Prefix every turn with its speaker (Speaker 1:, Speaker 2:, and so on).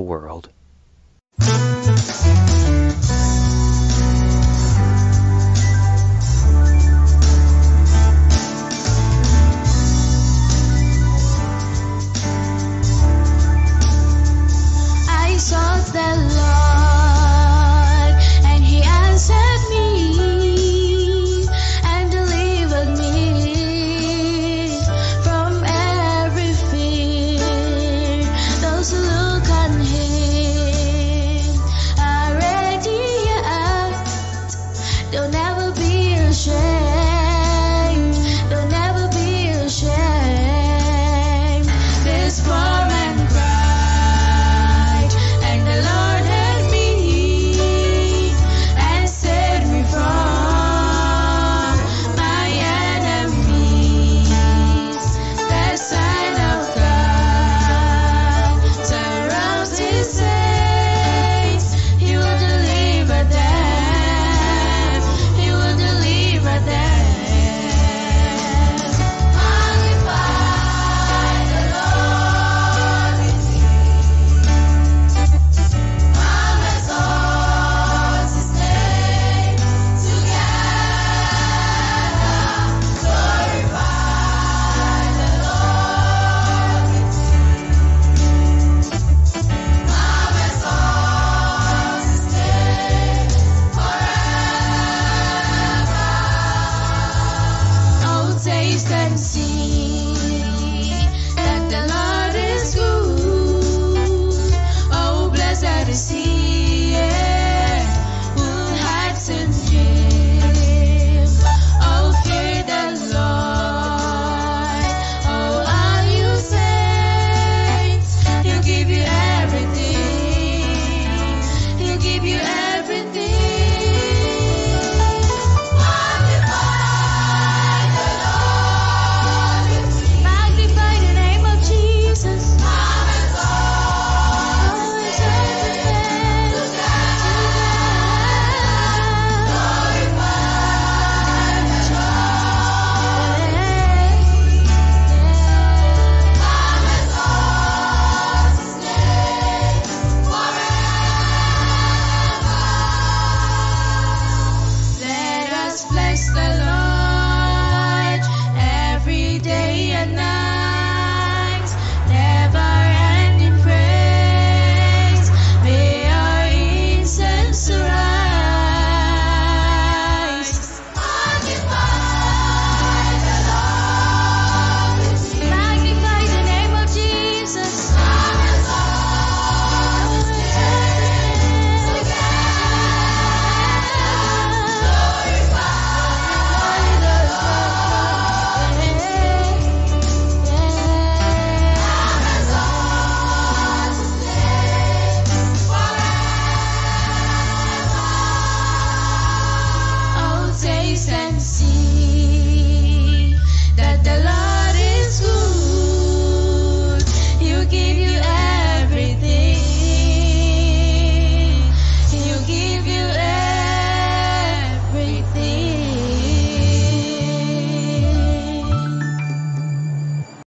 Speaker 1: the world. I saw the don't ever taste and see.